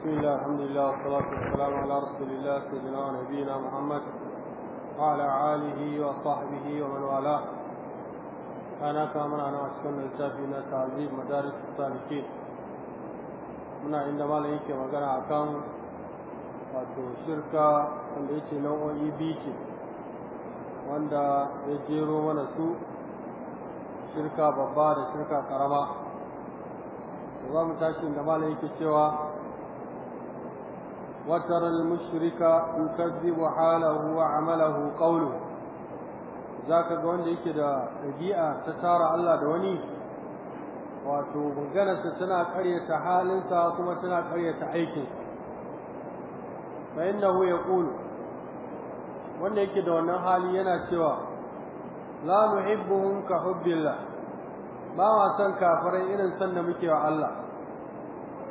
بسم الله الحمد لله والصلاة والسلام على رسول الله سيدنا ونبينا محمد وعلى آله وصحبه ومن والاه أنا كامل أنا أشكر لتافينا تعذيب مدارس السالكين muna عندما malam yake magana akan wato shirka wanda yake nau'o'i biyu wanda ya jero mana su shirka babba da shirka karama za mu tashi da malam yake cewa وترى المشرك يكذب حاله وعمله قوله zaka ga wanda yake da ɗabi'a ta tara Allah da wani wato maganarsa tana ƙaryata halinsa kuma tana ƙaryata aikinsa fa innahu yaqul wanda yake da wannan hali yana cewa la nuhibbuhum ka hubbillah ba ma san irin san da muke wa Allah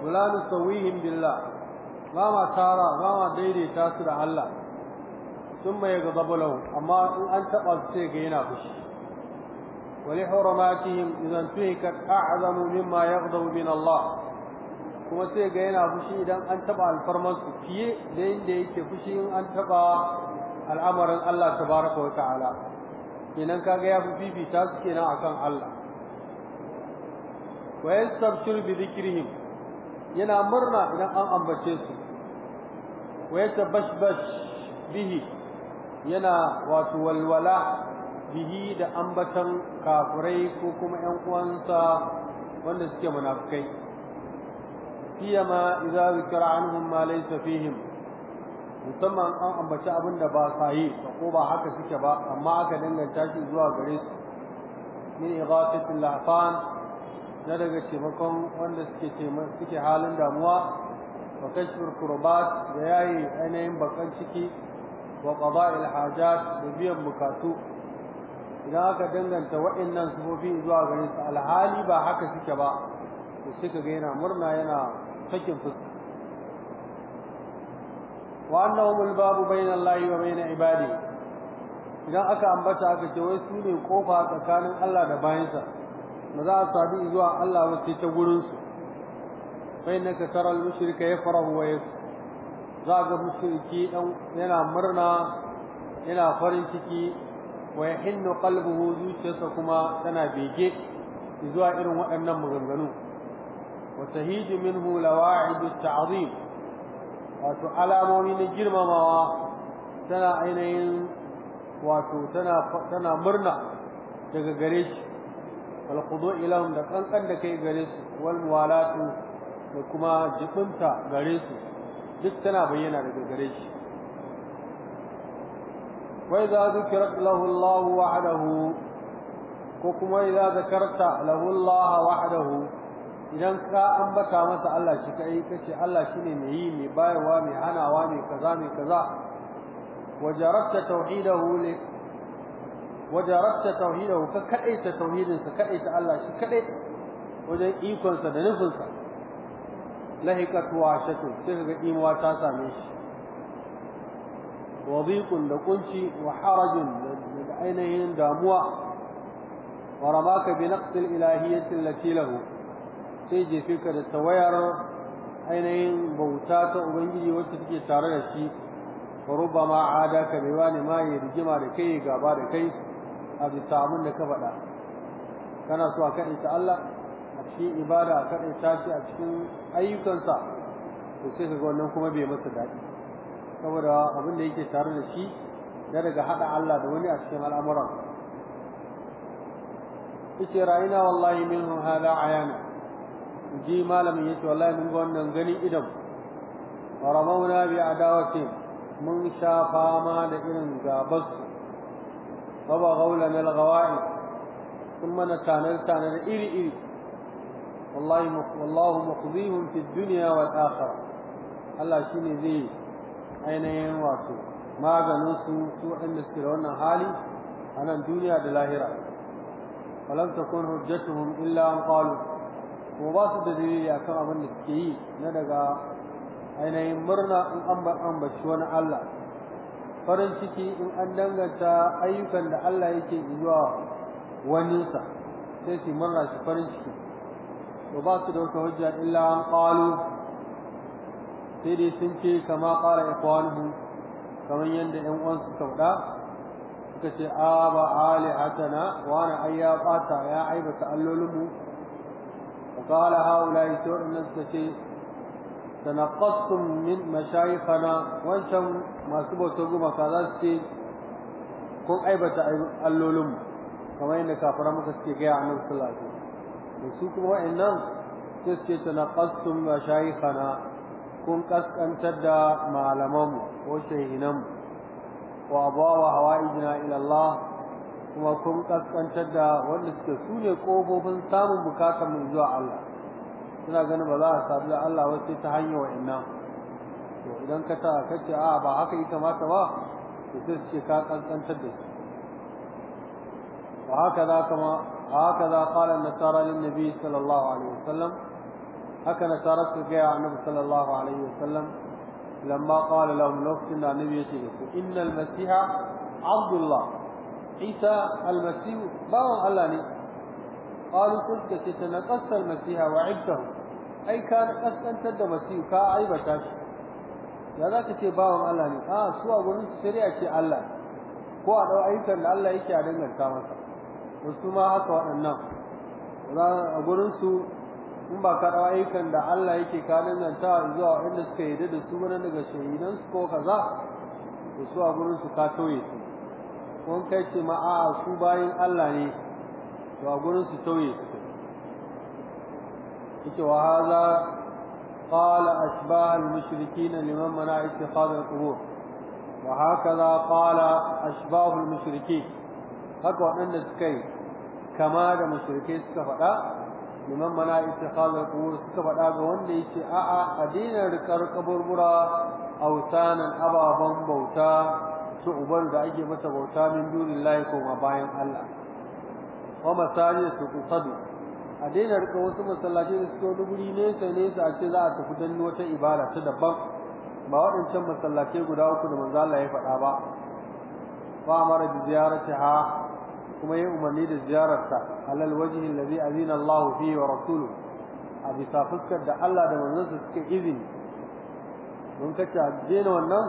wala nusawihim billah ba ma tara ba ma daidaita su da Allah sun mai gazabu lahu amma in an taɓa su sai ga yana fushi wali hurumatihim idan tuhikat a'zamu mimma yaghdabu min Allah kuma sai ga yana fushi idan an taɓa alfarmansu fiye da yadda yake fushi in an taɓa al'amarin Allah tabaraka wa ta'ala kenan kaga ya fi fifita su kenan akan Allah wa yastabshir bi dhikrihim yana murna idan an ambace su wa yatabashbash bihi yana wato walwala bihi da ambatan kafirai ko kuma ƴan uwansa wanda suke munafikai siyama idza zikra anhum ma laysa fihim musamman an ambaci abin da ba sa yi ko ba haka suke ba amma aka danganta shi zuwa gare su min ighatatil lahfan na daga taimakon wanda suke halin damuwa wa kashfir kurbat da yayi ainihin bakan ciki wa qada'il hajat da biyan bukatu idan aka danganta waɗannan sufofi zuwa gare su alhali ba haka suke ba to suka ga yana murna yana sakin fuska wa annahum albabu bayna allahi wa bayna ibadi idan aka ambata aka ce wai su ne kofa tsakanin Allah da bayansa ba za a sadu zuwa Allah ba sai ta gurin na fa innaka taral mushrika yafrahu wa su. za ga mushriki ɗan yana murna yana farin ciki wa yahinnu qalbuhu zuciyarsa kuma tana bege zuwa irin waɗannan maganganu wa tahiju hulawa lawa'id at-ta'zim wato alamomi na girmamawa tana ainihin wato tana murna daga gare shi wal khudu ilahum da kankan da kai gare su wal muwalatu da kuma jibinta gare su duk tana bayyana daga gare shi wa idza dhukira lahu Allah wahdahu ko kuma idza zakarta lahu Allah wahdahu idan ka ambata masa Allah shi kai kace Allah shine mai yi mai bayarwa mai hanawa mai kaza mai kaza wajarabta tauhidahu li wajarabta tauhidahu ka kadaita tauhidinsa sa kadaita Allah shi kadai wajen ikon sa da nufin sa lahiqat washatu sai ga ta same shi wadiqun da kunci wa harajun da ainihin damuwa wa ka bi naqsil ilahiyyati allati lahu sai jefe ka da tawayar ainihin bauta ta ubangiji wacce take tare da shi ربما عاداك rigima da يرجم gaba da kai. a bisa abin da ka faɗa kana so a kaɗe ta Allah a cikin ibada a kaɗe ta shi a cikin ayyukansa to sai ka ga wannan kuma bai masa daɗi saboda abin da yake tare da shi da daga haɗa Allah da wani a cikin al'amuran yace ra'ina wallahi minhu hada ayana ji malamin yace wallahi mun ga wannan gani idan faramauna bi adawatin mun sha fama da irin gabasu baba gaula mel gawai kuma mana tanar tanar iri iri wallahi wallahu muqdihum fi dunya wal akhir Allah shine zai ainihin wato maganin su su inda wannan hali a nan duniya da lahira falan ta kun hujjatuhum illa an qalu ko ba su da dalili akan abin da suke yi na daga ainihin murna in an bar an wani Allah farin ciki in an danganta ayyukan da Allah yake zuwa waninsa sai su murna su farin ciki to ba su da wata hujja illa an qalu sai dai sun ce kama qala ikwanuhu kamar yadda ƴan uwan su kauda suka ce a ba Ali atana wa ana ayya bata ya aibata allolinmu وقال هؤلاء سوء suka ce. تنقصتم من مشايخنا وانشم ما سبوا تقوم فذلك كون عيبة اللولم كما إن كافر مكسي قيا عمل صلى الله عليه وسلم وسوكم وإنم سيسكي تنقصتم مشايخنا كون قسم تدى معلمم وشيهنم وأبوا هوائجنا إلى الله kuma kun kaskantar da wanda suke sune kofofin samun bukatar mu zuwa Allah suna ganin ba za a sabu da Allah wasu ta hanyar wa'annan to idan ka ta kace a ba haka yi kamata ba to sai su ce ka kankantar da su وهكذا كما هكذا قال النصارى للنبي صلى الله عليه وسلم هكذا نصارى جاء النبي صلى الله عليه وسلم لما قال لهم لوكتنا نبي إن المسيح عبد الله عيسى المسيح باو الله قالوا قلت تتنقص المسيح وعبده ai ka kaskantar da masihu ka aibata shi ya za ka ce bawan Allah ne a ah, su a gurin shari'a ce Allah ko a dau ayyukan da Allah yake a danganta masa wasu ma haka waɗannan a gurin su in ba ka dau ayyukan da Allah yake ka danganta zuwa inda suka yi da su wani daga shahidan su ko kaza da su a gurin su ka tauye su ko kai ce ma a su bayin Allah ne to a gurin su tauye su yace wa hadha qala ashbah al-mushrikeen liman mana ittikhad wa haka waɗanda suka yi kama da mushrike suka faɗa liman mana ittikhad al-qubur suka faɗa ga wanda yace a'a adinar rikar kaburbura autanan ababen bauta su ubar da ake mata bauta min dunillahi ko ma bayan Allah wa masajid su tusadu a daina rika wasu masallaci da suke wani guri nesa nesa a ce za a tafi don wata ibada ta daban ba waɗancan masallacai guda uku da manzo Allah ya faɗa ba fa mara bi ziyaratiha kuma ya umarni da ziyararta alal wajhi allazi azina Allah fi wa rasuluhu a bisa fuskar da Allah da manzonsa suke izini mun kace a daina wannan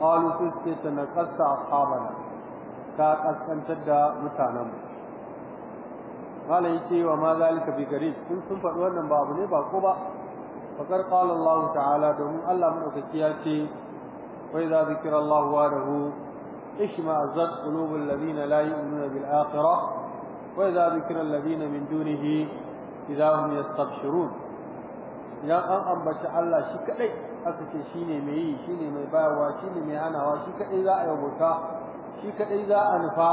qalu sai suke tanaqasta ashabana ka kaskantar da mutanen mu قال يتي وما ذلك بقريب كن سن فدي wannan ba abu ne ba ko ba fakar qala Allah ta'ala domin Allah madaukaki ya ce wa idza zikra Allah wahdahu ishma'azzat qulubul ladina la yu'minuna bil akhirah wa idza zikra alladina min dunihi idza hum yastabshirun idan an ambata Allah shi kadai aka ce shine mai yi shine mai bayarwa shine mai hanawa shi kadai za a yi bauta shi kadai za a nufa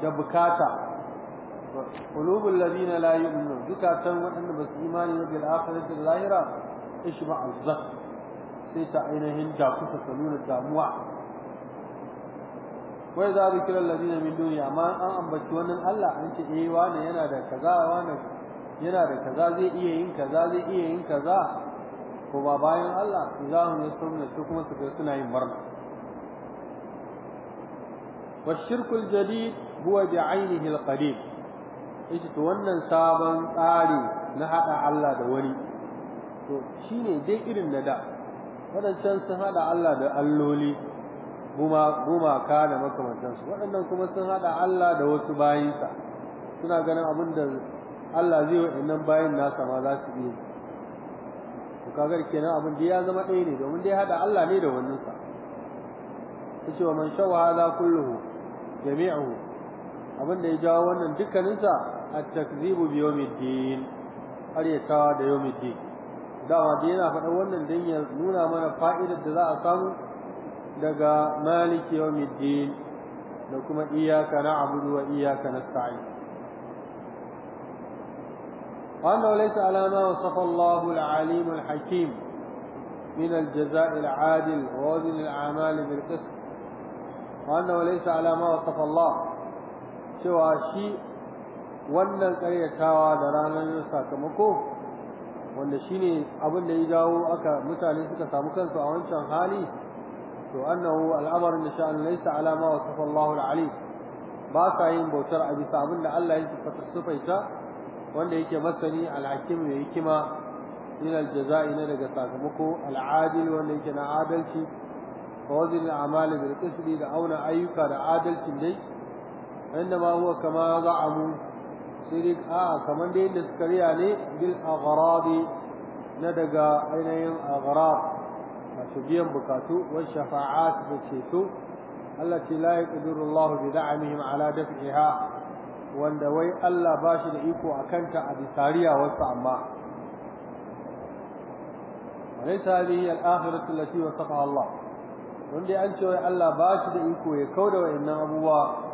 da bukata qulubul ladina la yu'minun zukatan waɗanda ba su imani ne bil akhirati lahira ishma azzak sai ta ainihin da ta nuna damuwa wai za bi kira ladina min amma an ambaci wannan Allah an ce eh wani yana da kaza wani zai iya yin kaza ko ba bayan Allah za mu yi sunna su kuma su suna yin barna والشرك الجديد هو بعينه القديم yace to wannan sabon tsari na hada Allah da wani to shine dai irin na da waɗancan sun hada Allah da alloli guma gumaka da makamantansu waɗannan kuma sun hada Allah da wasu bayinsa suna ganin abin da Allah zai waɗannan bayin nasa ma za su iya to kaga kenan abin da ya zama ɗaya ne domin dai hada Allah ne da wannan sa yace wa man shawa hadha kulluhu jami'uhu abin da ya jawo wannan dukkaninsa a takzibu bi yawmiddin qaryatawa da yawmiddin dama dai yana faɗa wannan dan ya nuna mana fa'idar da za a samu daga maliki yawmiddin da kuma iyyaka abudu wa iyyaka nasta'in وأنه ليس على ما وصف الله العليم الحكيم من الجزاء العادل ووزن الأعمال بالقسط وأنه ليس على ما وصف الله cewa shi wannan karyatawa da ranar sakamako wanda shine abin da ya jawo aka mutane suka samu kansu a wancan hali to annahu al'amarin da sha'an laysa ala ma wasafa Allahu al-ali ba ka yin bautar a bisa abin da Allah ya sifaita wanda yake masani al-hakim mai hikima min al na daga sakamako al-adil wanda yake na adalci wa wazin al-amali bil qisbi da auna ayyuka da adalcin dai inma huwa kama za'amu shirik a kaman da yadda suka riya ne bil aghradi na daga ainihin aghrad wato biyan bukatu wa shafa'at da ceto Allah ce la yaqdiru Allah bi da'amihim ala wanda wai Allah bashi da iko akan ta a wasu amma وليس هذه الآخرة التي وصفها الله wanda an ce wai Allah ba da iko ya kauda abubuwa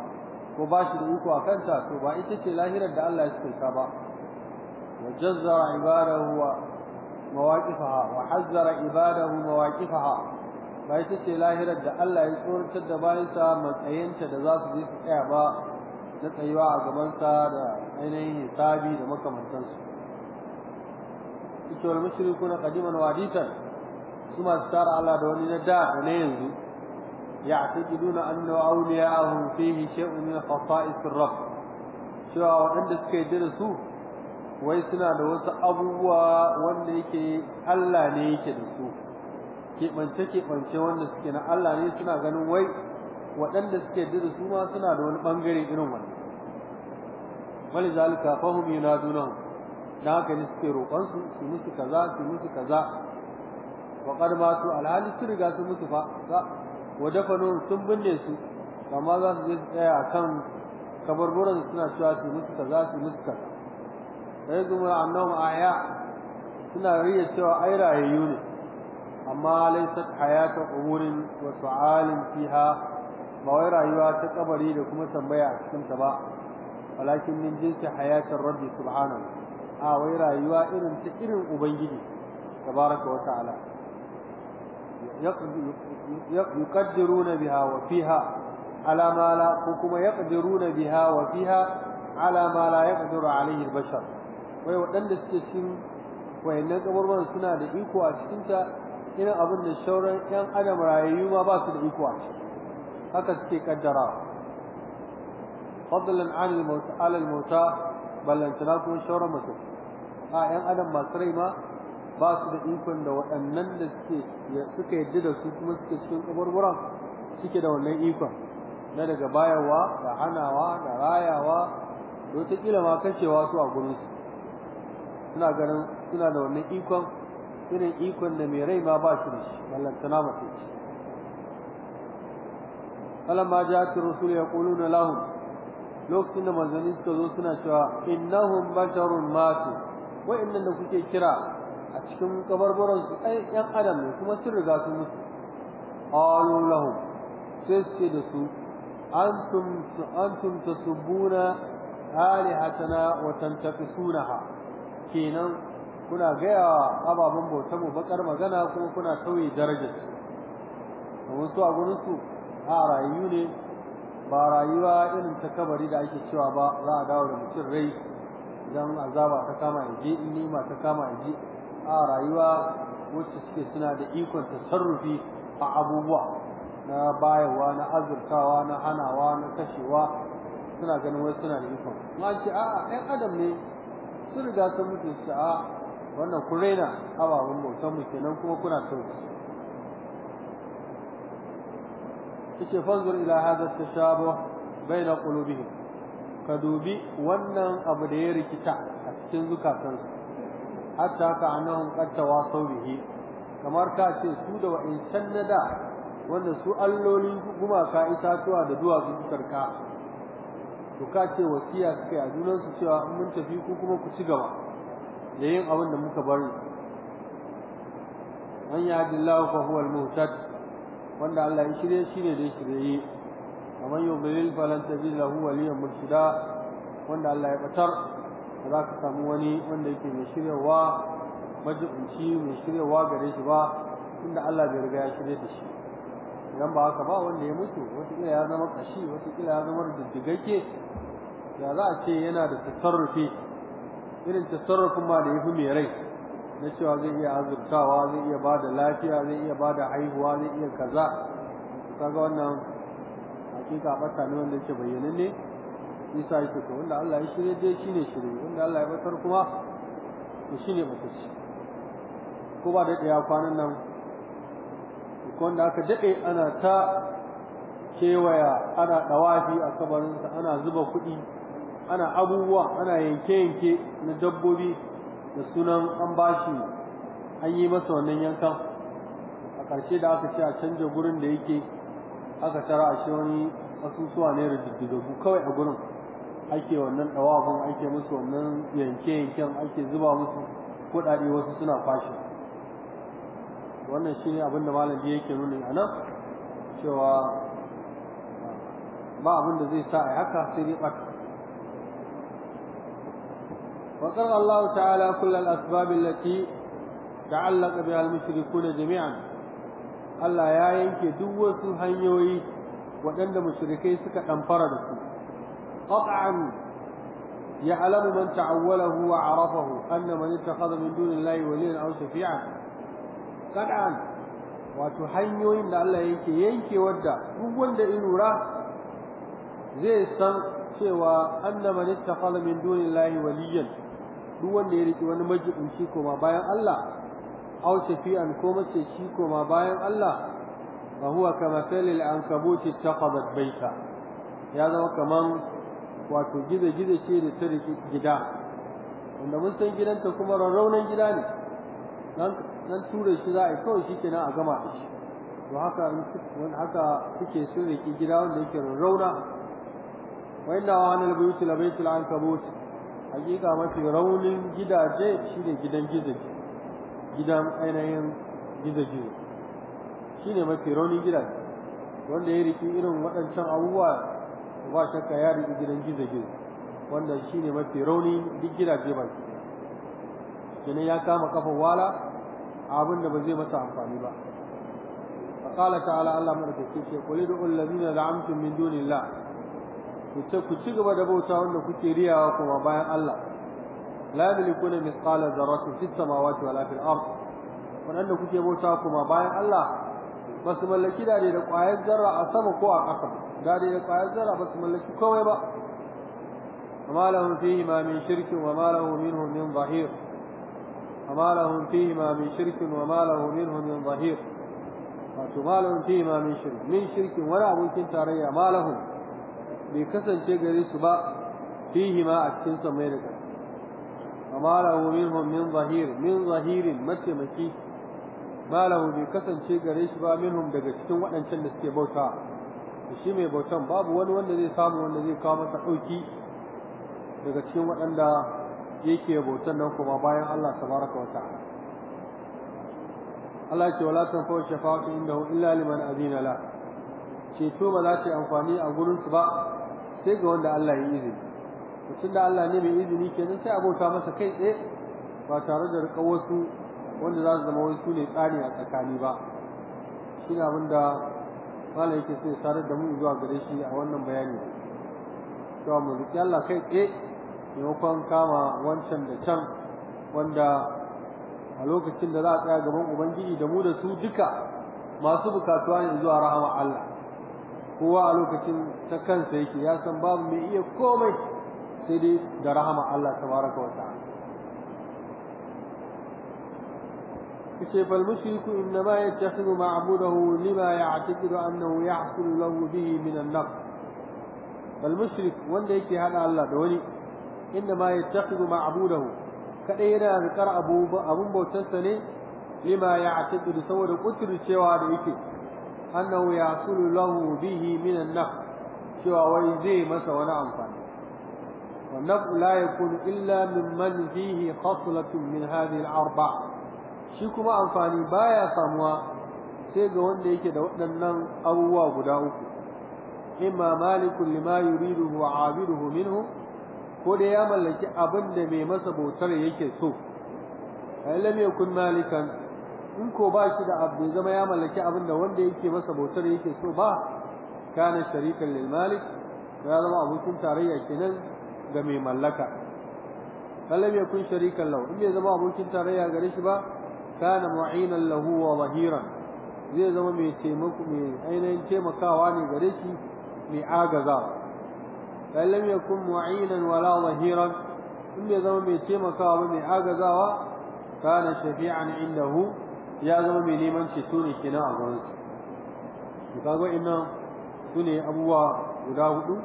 ko ba shi da iko a kanta to ba ita ce lahirar da Allah ya tsinka ba wa jazzara ibadahu wa mawaqifaha wa hazzara ibadahu mawaqifaha ba ita ce lahirar da Allah ya tsoratar da bayansa matsayinta da za su je su tsaya ba da tsayuwa a gabansa da ainihin hisabi da makamantansu ita wal mushrikuna qadiman waditan su masu tara Allah da wani na da da na yanzu يعتقدون أن أولياءهم فيه شيء من خصائص الرب شو عند سكيدرسو ويسنا دوس أبوا ونيك ألا نيك دسو keɓance keɓance wanda suke na Allah ne suna ganin wai waɗanda suke da su ma suna da wani ɓangare irin wani. wani zalika fahim yana dunan na haka ne suke roƙonsu su musu kaza su musu kaza wa ƙarma su alhali su riga su musu fa wa dafanu sun binne su amma za su je tsaya akan kabarburan suna cewa su musu za su muska. kaza sai kuma annahum aya suna riya cewa ai rayayyu ne amma laysat hayatu umurin wa su'alin fiha ba wai rayuwa ta kabari da kuma tambaya a cikin ta ba walakin min jinsi hayatar rabbi subhanahu a wai rayuwa irin ta irin ubangiji tabaraka wa ta'ala yuqaddiruna biha wa fiha ala ma la ko kuma yaqdiruna biha wa fiha ala ma la yaqdiru alayhi bashar wai wadanda suke cikin wayannan kaburban suna da iko a cikin ta irin abin da shauran yan adam rayayyu ma ba su da iko a ciki haka suke kaddara fadlan an al-mauta ala al-mauta ballantana kuma shauran mutum a yan adam masu rai ma ba su da ikon da waɗannan da suke suka yadda da su kuma suke cikin kaburburan suke da wannan ikon na daga bayarwa da hanawa da rayawa da wataƙila ma kashewa su a su suna ganin suna da wannan ikon irin ikon da mai rai ma ba shi da shi ballantana mace ce falamma ya kulu na lahun lokacin da manzanni suka zo suna cewa innahum basharun matu wa'annan da kuke kira a cikin kabarbaran su ai yan adam ne kuma sun riga sun mutu qalu lahum sai suke da su antum antum tasubuna alihatana wa tantaqisunaha kenan kuna gaya ababen bauta mu bakar magana kuma kuna sauyi darajar su domin su a gurin su a rayu ne ba rayuwa irin ta kabari da ake cewa ba za a dawo da mutum rai idan azaba ta kama yaje in nima ta kama yaje a rayuwa wacce suke suna da ikon tasarrufi a abubuwa na bayarwa na azurtawa na hanawa na kashewa suna ganin wai suna da ikon ma ce a ɗan adam ne sun riga sun mutu su a wannan ku raina ababen bautan mu kenan kuma kuna tausi yace fanzur ila hadha tashabuh baina qulubihim ka dubi wannan abu da ya rikita a cikin zukatansu hatta ka annahum qad tawasaw bihi kamar ka ce su da wa'insan sannada wanda su alloli gumaka itatuwa da duwatsu tsarka to ka ce wasiya suka yi junan su cewa mun tafi ku kuma ku ci gaba da yin abin da muka bari an yahdillahu fa huwal muhtad wanda Allah ya shirye shi ne da shirye kamar yau bilil falan tajid lahu waliyan wanda Allah ya batar ba za ka samu wani wanda yake mai shiryawa majibinci mai shiryawa gare shi ba inda Allah bai riga ya shirya da shi idan ba haka ba wanda ya mutu wataƙila ya zama ƙashi wataƙila ya zama diddigagge ya za a ce yana da tasarrufi irin tasarrufin ma da ya fi mai rai na cewa zai iya azurtawa zai iya bada lafiya zai iya ba da haihuwa zai iya kaza kaga wannan hakika ɓata ne wanda yake bayyananne isa yake to wanda Allah ya shirye dai shine shirye wanda Allah ya batar kuma to shine mutunci ko ba da ya kwanan nan ko wanda aka dade ana ta kewaya ana dawafi a sa ana zuba kuɗi ana abubuwa ana yanke-yanke na dabbobi da sunan an bashi an yi masa wannan yankan a ƙarshe da aka ce a canja gurin da yake aka tara a shi wani asusuwa ne da kawai a gurin ake wannan ɗawafin ake musu wannan yanke-yanken ake zuba musu kuɗaɗe wasu suna fashi wannan shi ne abinda malabi yake nuna a nan cewa ba abin da zai sa a haka sai dai ɓata وقرأ الله تعالى كل الأسباب التي تعلق بها المشركون جميعا Allah ya yanke duk wasu hanyoyi waɗanda mushrikai suka ɗamfara da su قطعا يعلم من تعوله وعرفه أن من اتخذ من دون الله وليا أو شفيعا قطعا وتحيوين الله ينكي ينكي ودا وقل إنورا zai san cewa annama ne ta fala min dunillahi waliyan duk wanda ya riki wani majibinci koma bayan Allah aw shafi'an ko mace shi koma bayan Allah Ba huwa kama talil ankabuti taqabat baita ya zama kaman wato gizo-gizo ce da ta rike gida wanda mun san gidanta kuma rarraunan gida ne nan tura shi za a yi kawai shi nan a gama da shi to haka haka suke sun rike gida wanda yake rarrauna wa inna wa anil buyuti labaitul ankabut hakika mafi raunin gidaje shine gidan gizo-gizo gidan ainihin gizo-gizo ne mafi raunin gidaje wanda ya rike irin waɗancan abubuwa ba shakka ya rubi gidan gizo-gizo wanda shi ne mafi rauni duk gidaje ba kenan ya kama kafan wala abin da ba zai masa amfani ba ta فقال تعالى الله مدكي ce qul idul da za'amtum min dunillah ku ce ku ci gaba da bauta wanda kuke riyawa kuma bayan Allah la yamlikuna mithqala dharratin fis samawati wala fil ard wanda kuke bauta kuma bayan Allah ba su mallaki da da ƙwayar zarra a sama ko a ƙasa da dai da kwayar zarra ba su mallaki komai ba amma lahum fihi ma min shirkin wa ma lahu minhu min zahir amma lahum fihi ma min shirkin wa ma lahu minhu min zahir wato ma lahum fihi ma min shirkin min shirkin wani abokin tarayya ma lahum bai kasance gare su ba fihi ma a cikin sa mai da ƙasa amma lahu minhu min zahir min zahirin mataimaki ma lahu bai kasance gare shi ba minhum daga cikin waɗancan da suke bauta shi mai bautan babu wani wanda zai samu wanda zai kawo masa ɗauki daga cikin waɗanda yake bautan nan kuma bayan Allah tabaraka wa ta'ala Allah ce wala tanfa'u shafa'atu indahu illa liman azina la ceto ba za ta yi amfani a gurin su ba sai ga wanda Allah ya izini mutum da Allah ne mai izini kenan sai abota masa kai tsaye ba tare da riƙa wasu wanda za su zama wasu ne tsari a tsakani ba shi da malam yake so ya sadar da mu zuwa gare shi a wannan bayani cewa mu zuki Allah kai tsaye maimakon kama wancan da can wanda a lokacin da za a tsaya gaban ubangiji da mu da su duka masu bukatuwa ne zuwa rahama Allah kowa a lokacin ta kansa yake ya san babu mai iya komai sai dai da rahama Allah tabaraka wa كتاب المشرك إنما يتخذ معبوده لما يعتقد أنه يحصل له به من النقص فالمشرك وان يكي هذا الله دولي إنما يتخذ معبوده كأينا ذكر أبو أبو بوتنسني لما يعتقد سوى قتل الشواء لإيكي أنه يحصل له به من النقص شواء ويزي مسا ونعم فاني والنقص لا يكون إلا ممن فيه خصلة من هذه الأربعة shi kuma amfani baya samuwa sai ga wanda yake da waɗannan abubuwa guda uku imma malikun lima yuriduhu wa abiduhu minhu ko da ya mallaki abin da mai masa bautar yake so ai lam kun malikan in ko ba shi da abu zama ya mallaki abin da wanda yake masa bautar yake so ba kana sharikan lil malik ya zama abokin tarayya kenan ga mai mallaka lam kun sharikan lau in bai zama abokin tarayya gare shi ba kana mu'inan lahu wa zahiran zai zama mai taimako mai ainihin taimakawa ne gare shi mai agaza fa lam yakun mu'inan wala zahiran in bai zama mai taimakawa ba mai agazawa kana shafi'an indahu ya zama mai neman ceto ne kenan a gurin su kaga innan sune abubuwa guda hudu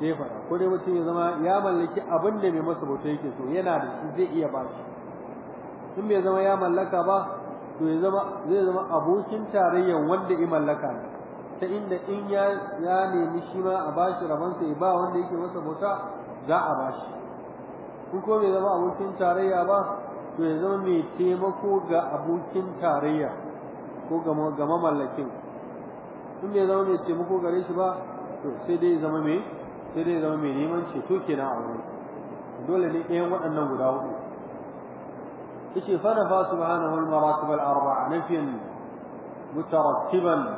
da ko dai mutum ya zama ya mallaki abin da mai masa bauta yake so yana da shi zai iya ba in bai zama ya mallaka ba to ya zama zai zama abokin tarayyan wanda ya mallaka ta inda in ya ya nemi shi ma a bashi rabansa sai ba wanda yake masa bauta za a bashi in ko bai zama abokin tarayya ba to ya zama mai taimako ga abokin tarayya ko ga mamallakin in bai zama mai taimako gare shi ba to sai dai zama mai sai dai zama mai neman ceto kenan a wurin dole ne ɗayan waɗannan guda hudu ايش فنفى سبحانه المراتب الاربع نفيا مترتبا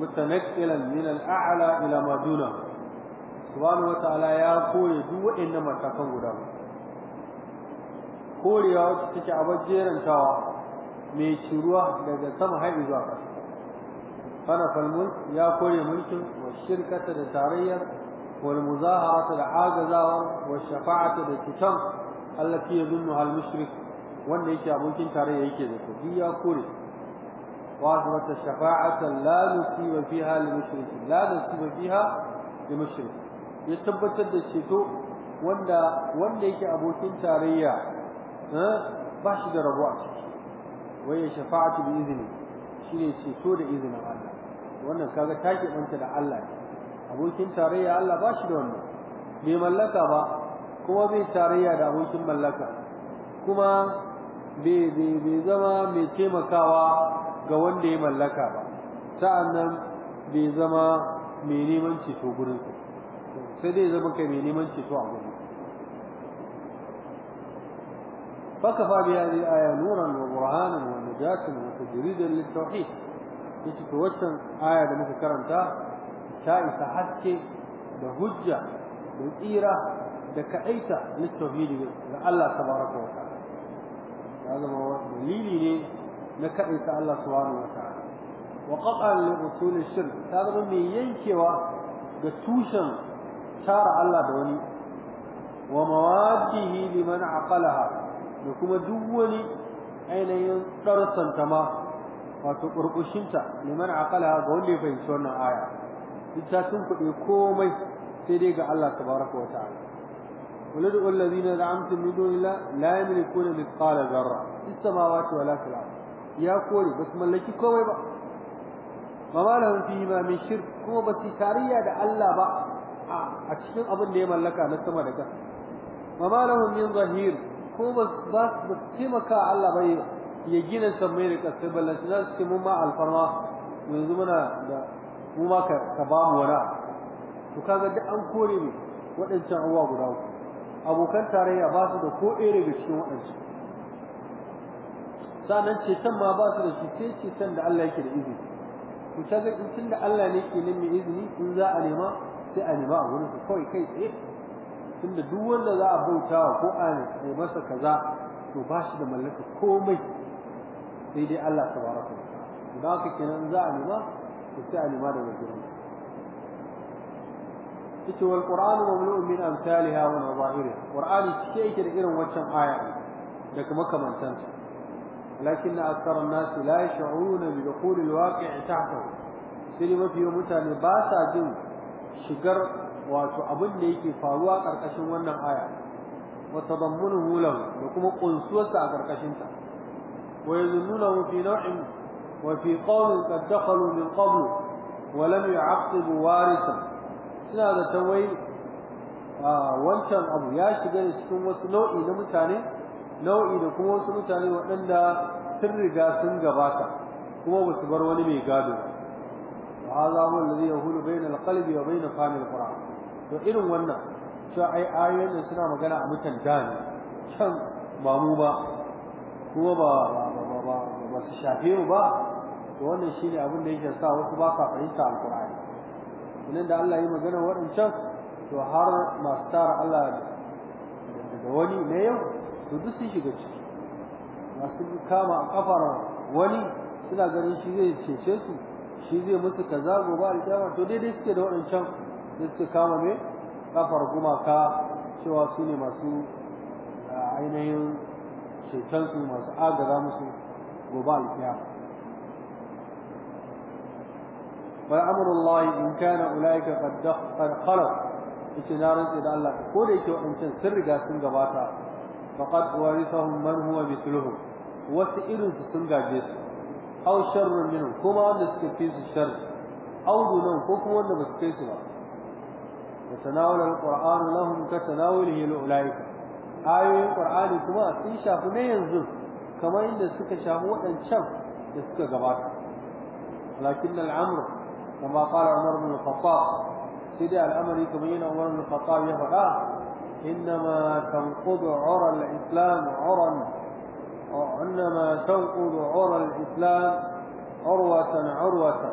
متنقلا من الاعلى الى ما دونه سبحانه وتعالى يا قوي دو انما تكون غدام يا تك ابجير ان شاء مي شروع دغه هاي زوا فنفى الملك يا قوي ملك والشركه التاريه والمظاهره العاجزه والشفاعه التي تم التي يظنها المشرك wanda yake abokin tarayya yake da su biya kore واثبت الشفاعة لا نصيب فيها للمشرك fiha نصيب فيها ya tabbatar da ceto wanda wanda yake abokin tarayya eh ba shi da rabuwa waye shafa'atu bi izni shine ceto da izinin Allah wannan kaga take danta da Allah abokin tarayya Allah ba shi da wannan bai mallaka ba kuma bai tarayya da abokin mallaka kuma bai zama mai taimakawa ga wanda ya mallaka ba sa'annan bai zama mai neman ceto gurinsa sai dai zama kai mai neman ceto a gurinsa baka fa bi hadhihi aya nuran wa burhanan wa najatan wa tajridan lit tauhid yace to aya da muka karanta ta isa haske da hujja da tsira da kaɗaita littafi da Allah ta baraka ta'ala Waqa ne suna shirya. Saga ban mai yankewa ga tushen tara Allah da wani. Wa mawakiki ne mana aƙalaha me kuma duhu wani aina ya tarsa da ma wato ƙarƙashinta ne mana aƙalaha ga wanda ya fahimci wannan aya. Itacen kuɗi komai, sai dai ga Allah ta baraku wa وندعو da زعمتم من دون الله لا يملكون مثقال ذره في السماوات ولا في الارض يا قول بس ملكي كوي با وما لهم فيما من شرك كما بس كاريا دا الله با a cikin abin da ya mallaka na sama da ƙasa ma lahum min zahir ko ba ba ba kima Allah bai ya gina sammai da ƙasa balance na su mun ma alfarma yanzu muna da mu ma ka ba mu wani to kaga duk an kore ne waɗancan uwa guda uku abokan tarayya ba su da ko ɗaya daga cikin waɗansu sanan ceton ma ba su da shi sai ceton da Allah yake da izini ku ta ga tun da Allah ne ke nan mai izini in za a nema sai a nema a wurin su kawai kai tsaye Tun da duk wanda za a bautawa ko a yi masa kaza to ba shi da mallaka komai sai dai Allah ta baraka. ta'ala haka kenan za a nema to sai a nema daga gurin yace wal qur'anu mamlu'un min amsalha wa nazahirha qur'ani cike yake da irin waccan aya da kuma kamantansa lakin aktharun nas la yash'uruna bi dukhul al waqi' tahtahu sai mafi mutane ba sa jin shigar wato abin da yake faruwa karkashin wannan aya wa tadammunuhu lahu da kuma kunsuwarsa a karkashin ta wa yazunnunahu fi naw'in wa fi qawlin qad dakhalu min qablu wa lam ya'qibu warithan suna da tawai wancan abu ya shiga da cikin wasu nau'i na mutane nau'i da kuma wasu mutane waɗanda sun riga sun gabata kuma ba su bar wani mai gado ba ya huwa bai na bayna ya bai na famil alquran to irin wannan cewa ai ayoyin da suna magana a mutan da ne can ba mu ba kuma ba ba su shafe mu ba to wannan shine abin da yake sa wasu ba sa fahimta alqur'ani nan da Allah ya magana waɗancan to har masu tara Allah daga wani na yau to duk sun shiga ciki masu kama kafar wani suna ganin shi zai cece su shi zai mutu ka za gobe alƙiyama to daidai suke da waɗancan da suke kama me kafar gumaka cewa su ne masu ainihin cetonsu masu agaza musu gobe alƙiyama wa amru Allah in kana ulaika qad qad khalat na rantsi da Allah ko da yake wadancan sun riga sun gabata faqad warithahum man huwa mithluhum wasu irin su sun gaje su aw sharrun minhum kuma wanda suka fi su sharri aw dunun ko kuma wanda basu su kai su ba wa tanawala alquran lahum ka tanawulihi ulaika ayoyin ƙur'ani kuma sun shafi ne yanzu kamar inda suka shafi waɗancan da suka gabata lakin al'amru kama qala umar ibn al-khattab sai dai al'amari kamar yana umar ibn al-khattab ya faɗa إنما تنقض عرى الإسلام عرى إنما تنقض عرى الإسلام عروة عروة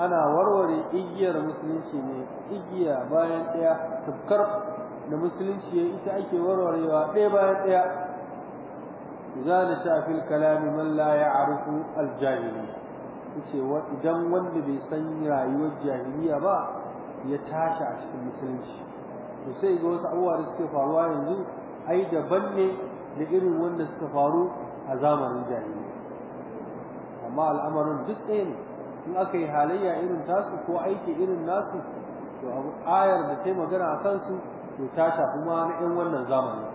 أنا وروري إجيا المسلمين شيني إجيا باين إيا تذكر المسلمين شيني إيسا أكي وروري وإيه باين إيا إذا نشأ في الكلام من لا يعرف الجاهلية ce idan wanda bai san rayuwar jahiliya ba ya tashi a cikin musulunci to sai ga wasu abubuwa da suke faruwa yanzu ai daban ne da irin wanda suka faru a zamanin jahiliya amma al'amarin duk ɗaya ne in aka yi halayya irin tasu ko aiki irin nasu to ayar da ta magana a kansu to ta kuma na 'yan wannan zamanin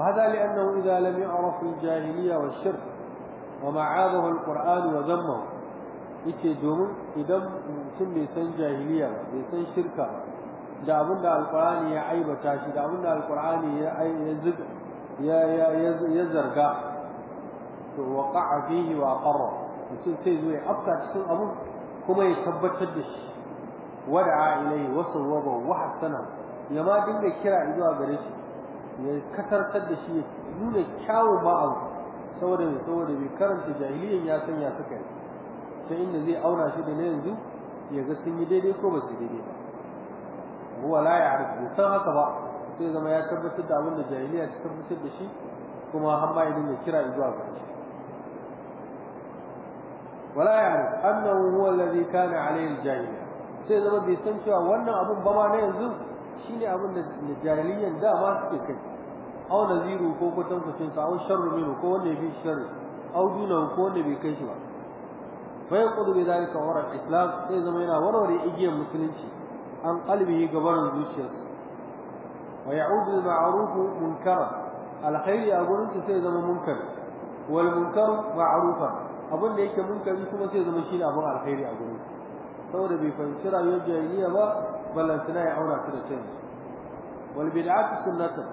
وهذا لأنه إذا لم يعرف الجاهلية والشرك ومعاذه القرآن وذمه yace domin idan mutum bai san jahiliya ba bai san shirka da abin da alkur'ani ya aibata shi da abin da alkur'ani ya ya zarga to waqa'a wa aqarra mutum sai zo ya afka cikin kuma ya tabbatar da shi wada'a ilayhi wa sawwaba wa hasana ya ma dinga gare shi ya katartar da shi nuna kyawun ba abu saboda mai saboda mai karanta jahiliyan ya sanya suka yi ta inda zai auna shi da na yanzu ya ga sun yi daidai ko ba su daidai ba huwa la ya da san haka ba sai zama ya tabbatar da abin da jahiliya ta tabbatar da shi kuma har ma ya kira kira zuwa ga shi wala ya arzu annan huwa alladhi kane alayin al-jahiliya sai zama bai san cewa wannan abun ba ma na yanzu Shi ne abin da jahiliyan dama suke kai aw naziru ko kwatan kucin sa aw sharru minhu ko wanda yafi sharri aw dunan ko wanda bai kai shi ba fa yaqudu bi zalika wara islam sai zama yana warware igiyar musulunci an qalbi gabarin zuciyarsa wa ya'udu bil ma'ruf munkara alkhairi a gurin sai zama munkar wal munkar ma'rufa abin da yake munkari kuma sai zama shi ne abin alkhairi a gurin saboda bai fahimci rayuwar jahiliya ba بل انتنا يعونا كده شيء والبدعة سنة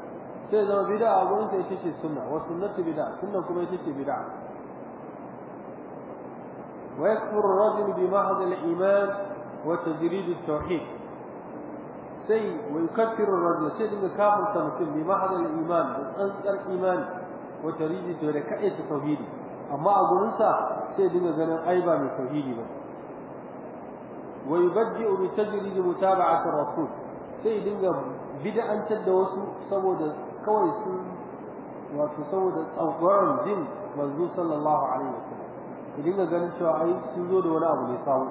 سيدنا بدعة وانت يشيشي سنة والسنة بدعة سنة كما يشيشي بدعة ويكفر الرجل بمحض الإيمان وتدريد التوحيد سيد ويكفر الرجل سيد من كافر تنسل بمحض الإيمان وانت الإيمان وتدريد التوحيد كأيت التوحيد أما أقول أنت سيد من ذلك أيضا من التوحيد بس. wa yubaddi'u bi tajrid mutaba'ati rasul sai dinga bid'antar da wasu saboda kawai sun wato saboda tsawon din manzo sallallahu alaihi wasallam dinga ganin cewa ai sun zo da wani abu ne sawo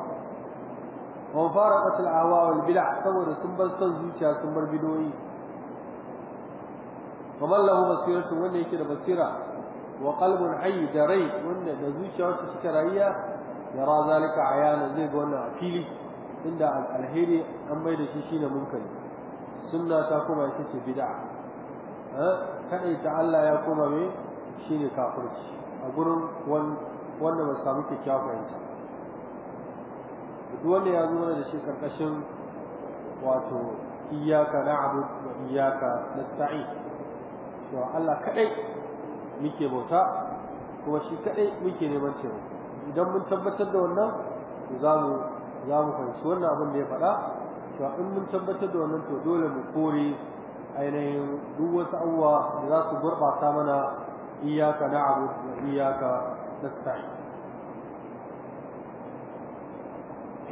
wa faraqat al-ahwa wal bid'a saboda sun bar son zuciya sun bar bidoyi kamar lahu basiratu wanda yake da basira wa qalbun hayy da rai da zuciya wacce take yara zalika ayana zai ga wannan a fili inda alheri an mai da shi shine munkari sunna ta kuma ita ce bid'a eh, kada ta Allah ya kuma me shine kafirci a gurin wanda ba samu kyakkyawa ta duk wanda ya zo da shi karkashin wato iyyaka na'budu wa iyyaka nasta'in to Allah kadai muke bauta kuma shi kadai muke neman cewa idan mun tabbatar da wannan za mu za mu fahimci wannan abin da ya faɗa cewa in mun tabbatar da wannan to dole mu kore ainihin duk wasu abubuwa da za su gurɓata mana iyaka na abu da iyaka na sa'i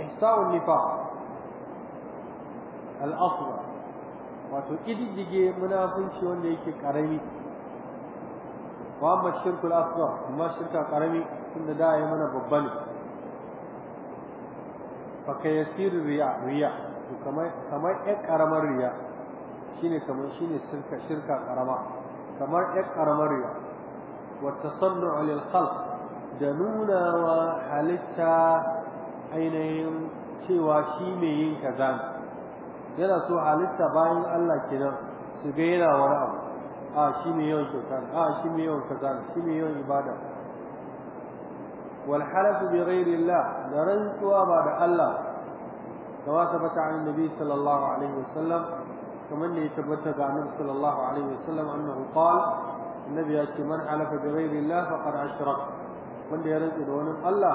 ihsa'un nifa al'aswa wato ƙididdige munafunci wanda yake ƙarami ba amma shirkul amma shirka ƙarami tunda da ya mana babba ne fa kayasir riya riya to kamar kamar ƴar ƙaramar riya shine kamar shine shirka shirka karama kamar ƴar ƙaramar riya wa tasannu lil khalq da nuna wa halitta ainihin cewa shi mai yin kaza yana so halitta bayan Allah kenan su ga yana wani abu a shi mai yawan kyauta a shi mai yawan kaza shi mai yawan ibada wal halafu bi ghairi Allah da rantsuwa ba da Allah kama tabbata an nabi sallallahu alaihi wasallam kamar ne ya tabbata ga annabi sallallahu alaihi wasallam annahu qala annabi ya ce man halafa bi ghairi Allah faqad ashrak wanda ya rantsu da wani Allah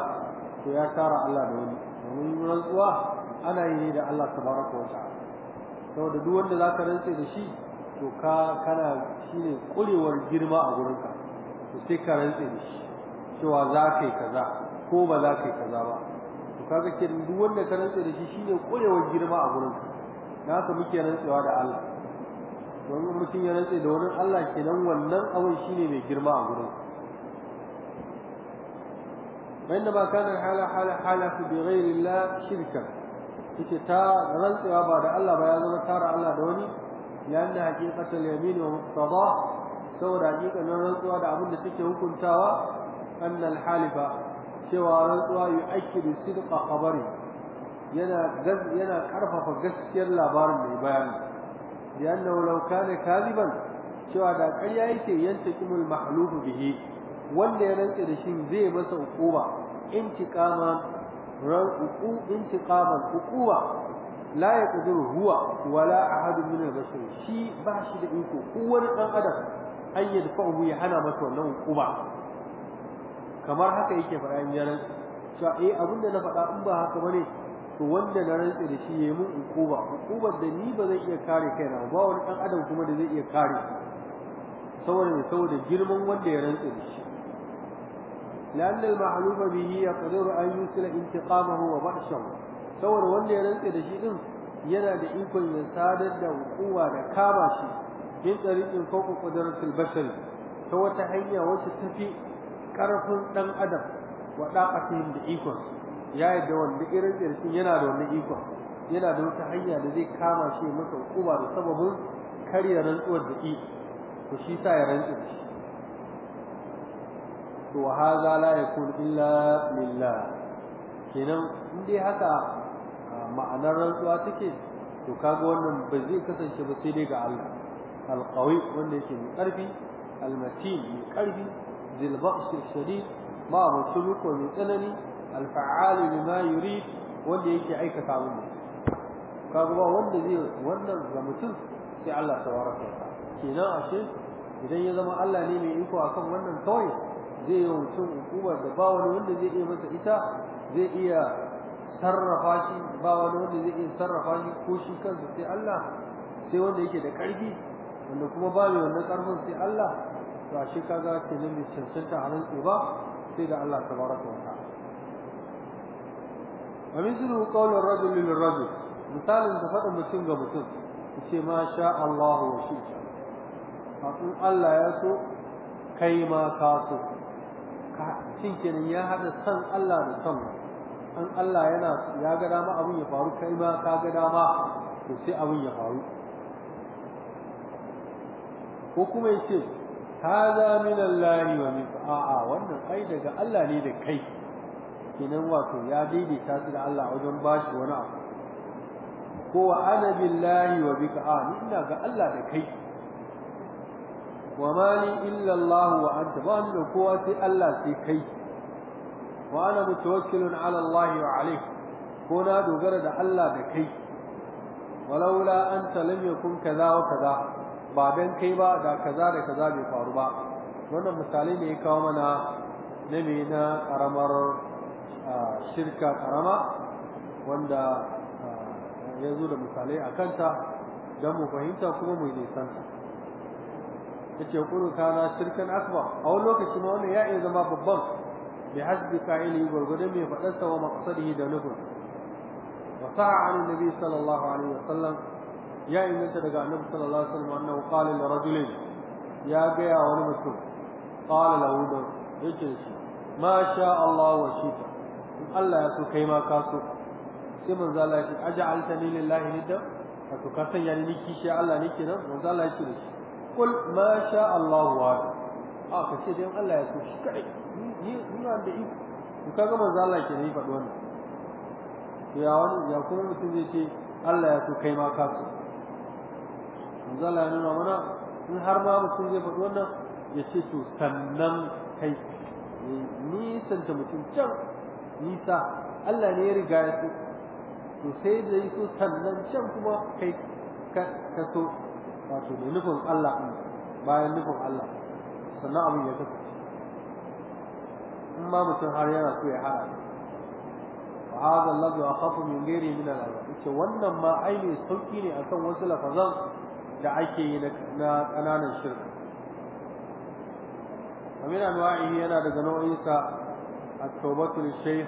to ya tara Allah da wani rantsuwa ana da Allah tabaraka saboda duk wanda zaka rantse da shi to ka kana shine kurewar girma a gurinka to sai ka rantse da shi cewa za ka yi kaza ko ba za ka yi kaza ba to ka ke duk wanda ka rantsa da shi shine kurewar girma a gurin ka na haka muke rantsewa da Allah don mutum ya rantse da wurin Allah kenan wannan abin shine mai girma a gurin sa وإنما كان الحالة حالة حالة بغير الله شركا إيش تا غلط يا بعد الله بيا زما تار الله da لأن حقيقة اليمين ومقتضاه سو حقيقة نرنت وعد أبن تكي هكم تاوا أن Halifa, cewa rantsuwa yu'akkidu sidqa qabari yana yana karfafa gaskiyar labarin mai bayani liannahu law kana kadiban cewa da ƙarya yake yanta yantaqimul mahlufu bihi wanda ya rantsa da shi zai masa hukuma intiqama ran uku intiqaman hukuma la yaqdiru wala ahad min al-bashar shi ba shi da iko ko wani dan adam an yadfa ya hana masa wannan hukuma kamar haka yake faɗa in ya rantsi cewa eh abin da na faɗa in ba haka bane to wanda na rantsi da shi yayi mun ukuba ukubar da ni ba zai iya kare kaina ba wani dan adam kuma da zai iya kare saboda mai saboda girman wanda ya rantsi da shi لأن المحلوف به يقدر أن يسل انتقامه وبأسه saboda wanda ya rantse da shi din yana da ikon ya sadar da hukuma da kama shi bin tsarikin koko kudratul bashar ta wata hanya wacce tafi karfin dan adam wa kafin da iko ya yadda wanda irin tsirkin yana da wani iko yana da wata hanya da zai kama shi masa hukuma da sababin karya rantsuwar da i to shi sa ya rantsu to wa hadha la yakun illa lillah kenan in dai haka ma'anar rantsuwa take to kaga wannan ba zai kasance ba sai dai ga Allah alqawi wanda yake mai karfi almatin mai karfi ذي البأس الشديد ما هو سلوك الفعال لما يريد wanda yake aikata abin da su kaga ba wanda zai wannan ga mutum sai Allah tabaraka wa ta'ala kenan ashe idan ya zama Allah ne mai iko akan wannan kawai zai yi mutum hukuma da ba wani wanda zai iya masa ita zai iya sarrafa ba wani wanda zai iya sarrafa ko shi kansa sai Allah sai wanda yake da karfi wanda kuma ba mai wannan karfin sai Allah to a shi kaga kenan mai cancanta a rantsi ba sai da Allah ta tabaraka wa ta'ala wa mislu qawl ar-rajul lir-rajul misalin da faɗin mutum ga mutum su ce ma sha Allah wa shi kafin Allah ya so kai ma ka so ka shin ya haɗa san Allah da san an Allah yana ya ga dama abin ya faru kai ma ka gada ma ko sai abin ya faru ko kuma ya ce. hadha min Allah wa min wannan ai daga Allah ne da kai kinan wato ya daidaita su da Allah wajen bashi wani abu ko wa ana billahi wa bika a ina ga Allah da kai wa ma ni ba ni da kowa sai Allah sai kai wa ana mutawakkilun ala Allah ko na dogara da Allah da kai walaula anta kaza wa kaza ba dan kai ba da kaza da kaza bai faru ba wannan misali ne ya kawo mana na me na karamar shirka karama wanda ya zo da misalai a kanta don mu fahimta kuma mu nisanta ya ce kuru kana shirkan akbar a wani lokaci ma wannan ya iya zama babban bi hasbi fa'ili gurgurdan mai faɗarsa wa maqsadihi da nufus wa sa'a an nabi sallallahu alaihi wasallam ya inganta daga annabi sallallahu alaihi wasallam annahu qala li rajulin ya ga ya wani mutum qala lahu da yake shi ma sha Allah wa shita in Allah ya so kai ma ka so sai manzo Allah ya ce aj'altani lillahi nidda to ka san sanya niki shi Allah ne nan manzo Allah ya ce shi kul ma sha Allah wa a ka ce dai Allah ya so shi kai ni ni wanda yi to kaga manzo Allah ke ni faɗo wannan to ya wani ya kuma mutum zai ce Allah ya so kai ma ka so manzo Allah ya nuna mana in har ma mutum zai faɗi wannan ya ce to sannan kai eh, san ta mutum can nisa Allah ne ya riga ya so to sai da yi so sannan can kuma kai ka so wato da nufin Allah bayan nufin Allah sannan abin ya kasance in ma mutum har yana so ya hana wa hadha alladhi akhafu min ghairi min al-ayat wannan ma ai ne a kan wasu lafazan da ake yi na ƙananan shirka amin anwa'i yana daga nau'insa a taubatul shaykh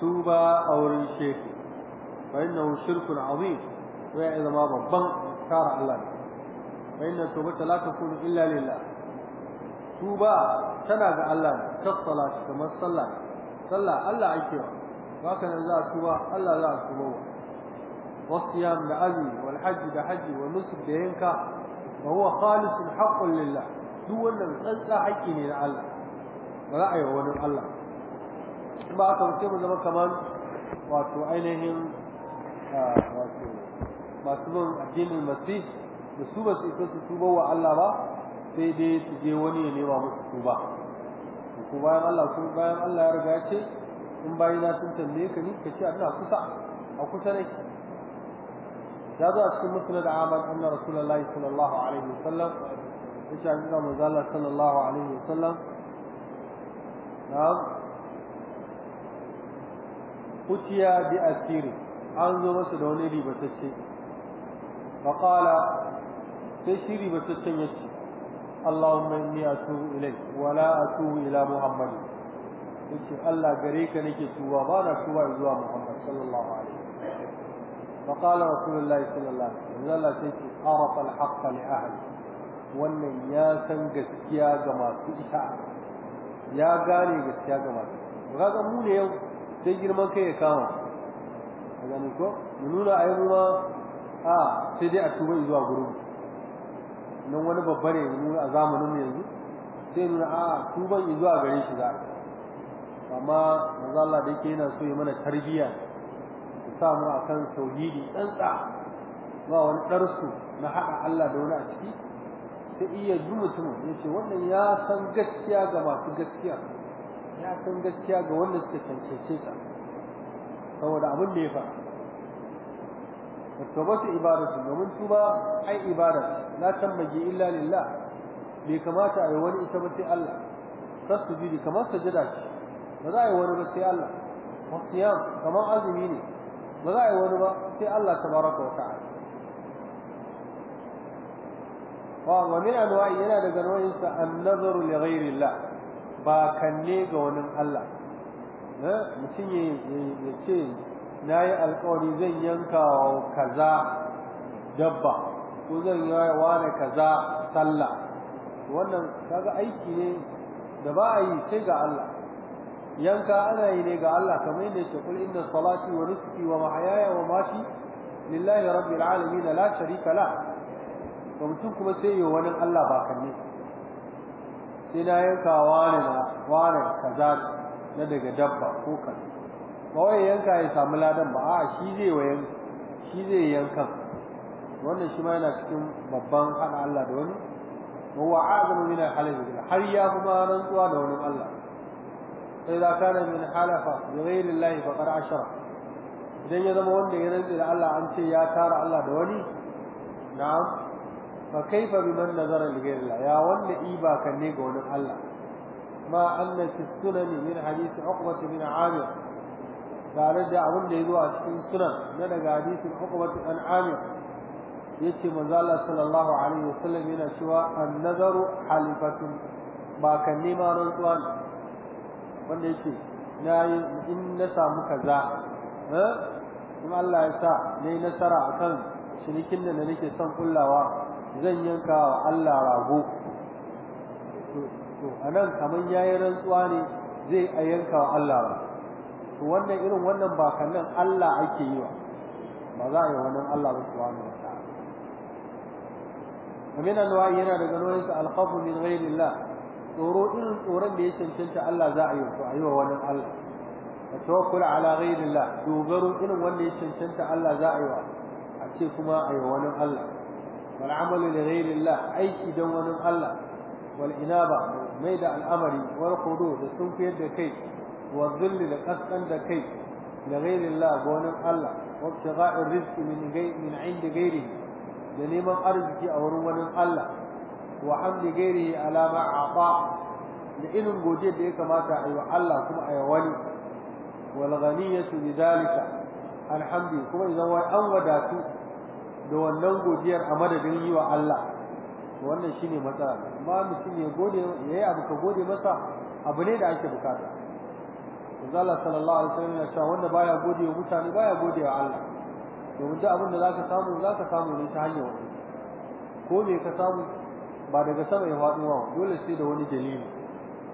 tuba a wurin shaykh fa innahu shirkun azim wa ya zama babban kara Allah fa inna tawbata la takunu illa lillah tuba tana ga Allah ta kafsala kamar sallah sallah Allah ake wa ka nan za a tuba Allah za a tuba wa والصيام لأبي والحج لحجي والنسك لينكا وهو خالص حق لله دون الأنسى حقه لله ولا أيوان الله ba aka wuce mu zama kamar wato ainihin wato masu bin addinin masih da su ba isa su tuba wa Allah ba sai dai su je wani ya nema musu tuba ko bayan Allah bayan Allah ya riga ya ce in bayina sun tambaye ka ni ka ce Allah kusa a kusa ne ya zo a cikin musnad Ahmad anna Rasulullah sallallahu alaihi wasallam yace an ga manzo Allah sallallahu alaihi wasallam na'am kutiya bi asiri an zo masa da wani ribatacce fa qala sai shi ribataccen yace Allahumma inni atubu ilayk wa la atubu ila Muhammad yace Allah gare ka nake tuba ba na zuwa Muhammad sallallahu alaihi فقال رسول الله صلى الله عليه وسلم Allah sai ki arafa al-haqqa li ahli wannan ya san gaskiya ga masu ita ya gane gaskiya ga masu kaga mu ne yau sai girman kai ya kama a gani ko mu nuna ai mu ma a sai dai a tuba zuwa gurin nan wani babba ne mu a zamanin mu yanzu sai nuna a tuban zuwa gare shi za amma manzo da yake yana so ya mana tarbiyya samu a kan tauhidi tsantsa ba wani darsu na haɗa Allah da wani a ciki sai iya ji mutum yace wannan ya san gaskiya ga masu gaskiya ya san gaskiya ga wanda suka cancance ta saboda abin da ya faru ta ibadatu domin tuba ai ibada la tambaji illa lillah bai kamata a yi wani ita ba sai Allah tasujudi kamar sajada ce ba za a yi wani ba sai Allah wasiyam kamar azumi ne ba za a yi wani ba sai Allah ta baraka wa ta'ala wa wa min anwa'i yana daga nau'in sa an-nazaru li ghayri Allah ba kalle ga wani Allah eh mutum ya ce nayi alƙawari zan yanka wa kaza dabba ko zan yi wa kaza sallah wannan kaga aiki ne da ba a yi sai ga Allah yanka ana yi ne ga Allah kamar yadda yake kul inna salati wa nusuki wa mahayaya wa mati lillahi rabbil alamin la sharika la to mutum kuma sai yi wani Allah ba kalle sai na yanka wani na wani kaza na daga dabba ko kan ba wai yanka ya samu ladan ba a shi zai wayan shi zai yanka wannan shi ma yana cikin babban hada Allah da wani wa a'zamu min al-halal har ya kuma rantsuwa da wani Allah فإذا كان من حلف بغير الله فقد idan ya zama wanda ya rantsi da Allah an ce ya tara Allah da wani na'am fa kaifa biman nazara li ghayrillah ya wanda iba kanne ga Allah ma anna fi sunan min hadisi uqbah bin amir tare da abin da ya zo a cikin sunan na daga hadisin uqbah bin amir yace manzo Allah sallallahu alaihi wasallam yana nazaru halifatun ba kanne ma wanda yake nayi in na samu kaza eh in Allah ya sa nayi nasara akan shirikin da nake son kullawa zan yanka wa Allah rago to anan kaman yayin rantsuwa ne zai a yanka wa Allah rago to wannan irin wannan ba kannan Allah ake yi wa ba za a yi wannan Allah ba subhanahu wa ta'ala ومن أنواع هنا لقنوانس الخوف من غير الله tsoro irin tsoron da ya cancanta Allah za a yi ko a wani Allah a tawakkul ala ghairillah dogaro irin wanda ya cancanta Allah za a yi wa a ce kuma a yi wa wani Allah wal amalu li ghairillah aiki don wani Allah wal inaba mai da al'amari wal khudu da sun fiyar da kai wa dhilli da kaskan da kai li ghairillah ga wani Allah wa ibtigha'ir rizqi min ghayri min 'indi ghairihi da neman arziki a wurin wani Allah wa hamdi ghairihi ala ma afa da irin godiya da ya kamata a yi wa Allah kuma a yi wani wal ghaniyatu lidhalika alhamdu kuma idan wai an wadatu da wannan godiyar a madadin yi wa Allah wannan shine matsala amma mutum ya gode yayi abu ka gode masa abu ne da ake bukata manzo Allah sallallahu alaihi wasallam ya ce wanda baya gode wa mutane baya gode wa Allah domin duk abin da zaka samu zaka samu ne ta hanyar wani ko me ka samu ba daga sama ya faɗo wa dole sai da wani dalili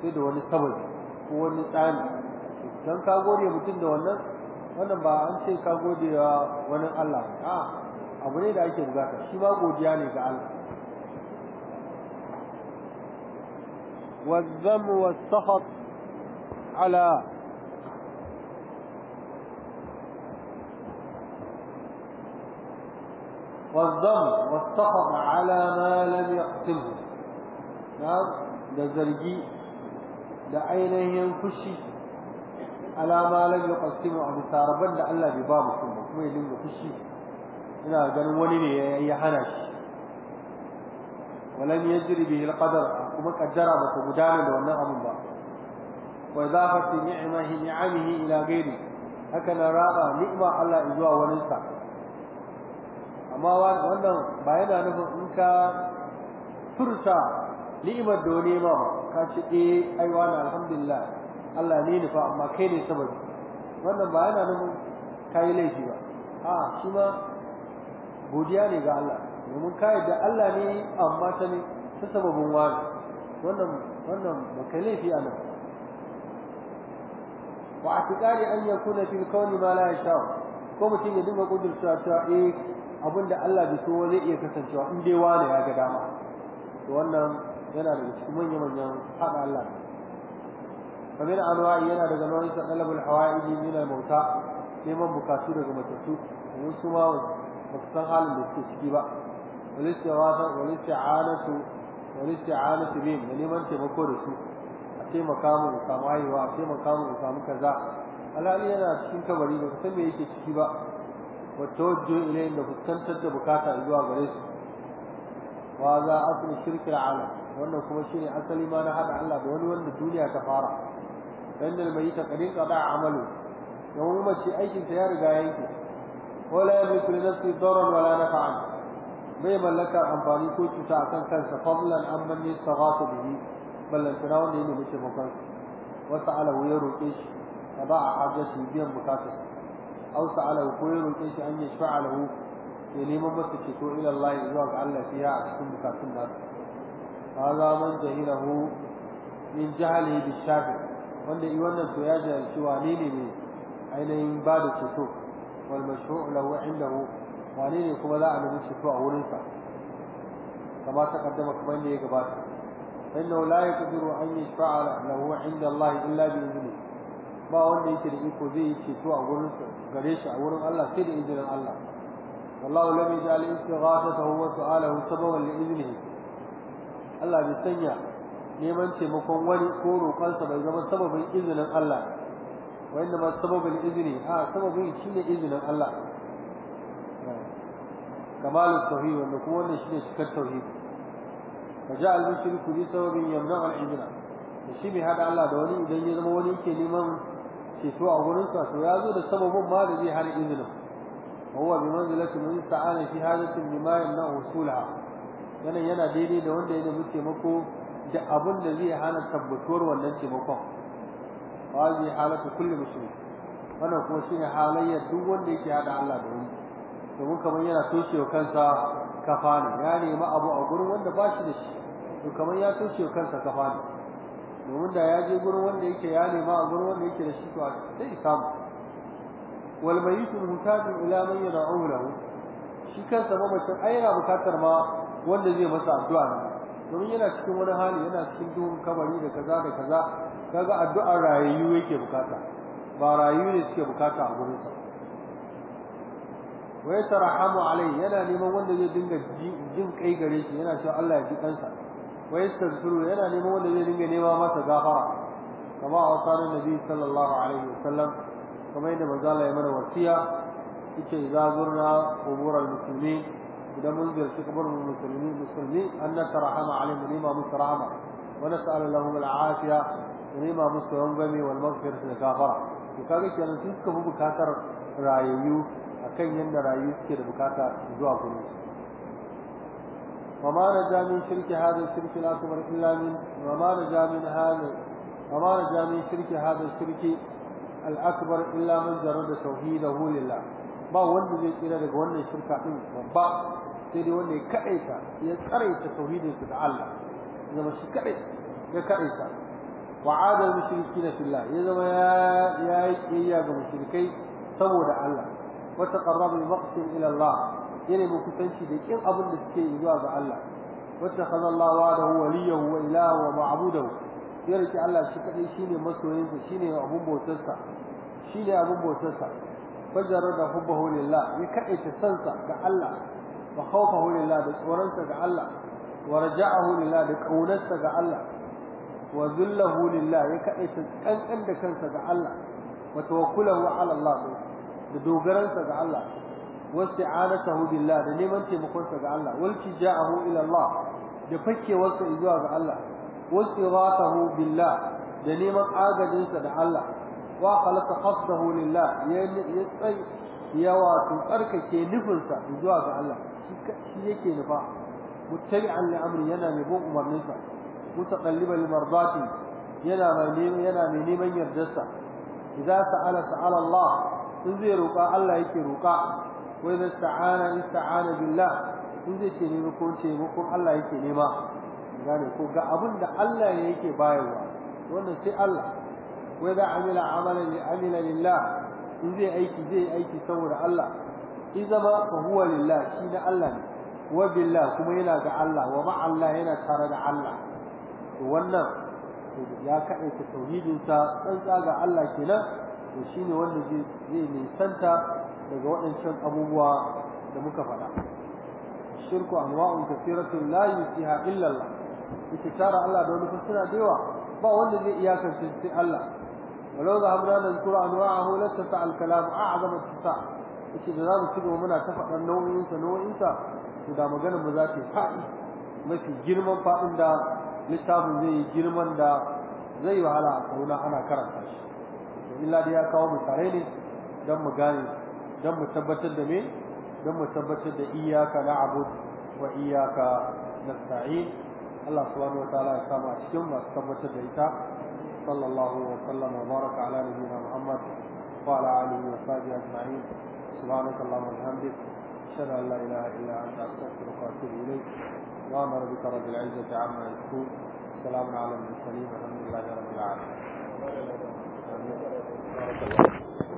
sai da wani sababi ko wani tsani don ka gode mutum da wannan wannan ba an ce ka gode wa wani Allah a abu ne da ake bukata shi ma godiya ne ga Allah wa والسخط ala. والذم والسخط على ما لم يقسمه da zargi da ainihin fushi alama lam a abu saraban da Allah bai ba mutum ba kuma ya dinga fushi ina ganin wani ne ya hana shi walam yajri bihi alqadar kuma kaddara ba ta gudana da wannan abun ba wa idafati ni'mahi ni'amihi haka na raba ni'ma Allah zuwa waninsa amma wannan ba yana nufin in ka furta ni'imar da wani ma ka ci, ɗe eh, aiwa na alhamdulillah Allah ne nufa amma kai ne saboda wannan ba yana nufin ka yi laifi ba a shi ma godiya ne ga Allah domin ka da Allah ne amma ta ne ta sababin wani wannan wannan ba kai laifi a nan wa a an kuna fi kauni ma la yasha ko mutum ya dinga kudurta ta eh abinda Allah bai so zai iya kasancewa in dai wani ya ga dama to wannan yana daga cikin manya-manyan haɗa Allah kamar anwa'i yana daga nauyin sa talabul hawaiji min al-mauta neman bukatu daga matattu mun su ma ba su san halin da suke ciki ba walistiwasa walisti'anatu walisti'anatu bihim da neman taimako da su a taimaka mu samu haihuwa a taimaka mu samu kaza alali yana cikin kabari ba san me yake ciki ba wa tawajjuhu ne da fuskantar da bukata zuwa gare su wa za asli shirkil alam wannan kuma shine asali ma na hada Allah da wani wanda duniya ta fara innal mayyita qad a amalu yawon mace aikin ta ya riga yanke wala yamliku li nafsi darran wala naf'an bai mallakar amfani ko cuta akan kansa fadlan amman yastaghathu bihi ballantana wanda ya nemi taimakon sa wasa alahu ya roƙe shi a ba a hajjaci biyan bukatarsa aw sa'alahu ko ya roƙe shi an yashfa'a lahu ya neman masa ceto ila Allah zuwa ga Allah fiya a cikin bukatun nasu hadha man jahilahu min jahalihi bi shafi wanda yi to ya jahilci wane ne ne ainihin ba da ceto wal wane ne kuma za a a wurinsa ta kamar ne ya gabata فإنه لا يقدر أن يشفع له عند الله إلا بإذنه ba wanda yake da iko zai yi ceto a gare shi a wurin Allah sai da izinin Allah wallahu lam yaj'al istighathatahu wa su'alahu sababan li iznihi Allah bai sanya neman taimakon wani ko roƙonsa bai zama sababin izinin Allah wa inda ma sababin izini a sababin shine izinin Allah kamalul tauhid wanda kuma wannan shine cikar tauhid fa ja'al mushriku bi sababin yamna'u al-izna shi bai hada Allah da wani idan ya zama wani yake neman ceto a gurin sa to ya zo da sababin ma da zai har izinin huwa bi manzilati man ista'ana fi hadatin bima na usulaha yana yana daidai da wanda ya muke taimako da abin da zai hana tabbatuwar wannan taimakon hazi halatu kulli mushrik wannan kuma shine halayyar duk wanda yake hada Allah da wani mun kaman yana toshewa kansa kafana ya nemi abu a gurin wanda ba shi da shi to kaman ya toshewa kansa kafana domin da ya je gurin wanda yake ya nema a gurin wanda yake da shi to sai samu wal mayitu mutabi ila man yad'u shi shi kansa mamacin ai yana bukatar ma wanda zai masa addu'a ne domin yana cikin wani hali yana cikin duhun kabari da kaza da kaza kaga addu'ar rayuwa yake bukata ba rayuwa ne suke bukata a gurin sa wa yatarahamu alai yana neman wanda zai dinga jin kai gare shi yana cewa Allah ya ji kansa wa yastaghfiru yana neman wanda zai dinga nema masa gafara kama a wasanin nabi sallallahu alaihi wasallam kama yadda manzo ya mana wasiya yace idza zurna qubural muslimin idan mun ziyarci kabarin musulmi musulmi an natarahama alaihim nima musrahama wa nas'al lahum al'afiya nima musu yanbami wal maghfirah da gafara to kaga kenan su suka bi bukatar rayayyu akan yadda rayu suke da bukata zuwa gurin وما نجا من شرك هذا الشرك الأكبر إلا من وما نجا من هذا وما نجا من شرك هذا الشرك من جرد توحيده لله ba wanda zai tsira daga wannan shirka din babba sai dai wanda ya kaɗaita ya karaita tauhidin su da Allah zama shi kaɗai ya kaɗaita wa adal mushrikin fillah ya zama ya ya yi ga mushrikai saboda Allah wa taqarrabu al-maqsim ila Allah ya nemi kusanci da kin abin da suke yi zuwa ga Allah khaza Allah huwa liyahu wa ilahu wa ma'budu ya rike Allah shi kadai shine masoyinsa shine abun bautarsa shine abun bautarsa fajarar da hubbahu lillah ya kaita sansa ga Allah wa khawfahu lillah da tsoronsa ga Allah wa raja'ahu lillah da kaunarsa ga Allah wa zullahu lillah ya ta kankan da kansa ga Allah wa tawakkulahu ala Allah da dogaransa ga Allah واستعانته بالله da neman taimakonsa ga Allah walki ja'ahu ila Allah da fakkewarsa zuwa ga Allah wasiratahu billah da neman agajinsa da Allah wa khalasa qasdahu lillah ya tsai ya wato tsarkake nufinsa zuwa ga Allah shi yake nufa muttabi'an li amri yana mai bin umarninsa mutaqalliban mardati yana mai neman yana mai neman yardarsa idza sa'ala sa'ala Allah in zai roka Allah yake roka ko da ista'ana ista'ana billah in zai ce nemi ko ce ko Allah yake nema gane ko ga abin da Allah ne yake bayarwa wannan sai Allah wai da amila amalan li amila lillah in zai aiki zai aiki saboda Allah in zama fa huwa lillah shi na Allah ne wa billah kuma yana ga Allah wa ma Allah yana tare da Allah to wannan ya kaɗaita tauhidinsa tsantsa ga Allah kenan to shine wanda zai nisanta daga waɗancan abubuwa da muka faɗa shirku anwa'un kasiratun la yusiha illa Allah yace tara Allah da wani fassara da yawa ba wanda zai iya iyakance sai Allah walau da hamra da zikru anwa'ahu la tasa al kalam a'zama tasa yace da zamu ci gaba muna ta faɗan nau'in sa nau'in sa to da magana mu za ta faɗi mafi girman faɗin da littafin zai yi girman da zai wahala a kauna ana karanta shi illa dai ya kawo misalai ne don mu gane Don mu tabbatar da me don mu tabbatar da iyaka na'budu wa iyyaka nasta'in Allah subhanahu wa ya samu cikin masu tabbatar da ita sallallahu wa sallam wa baraka ala nabiyyina Muhammad wa ala alihi wa sahbihi ajma'in subhanaka allahumma bihamdik ashhadu an la ilaha illa anta astaghfiruka wa atubu ilayk rabbil izzati amma yasifun salamun ala al mursalin rabbil alamin Thank you.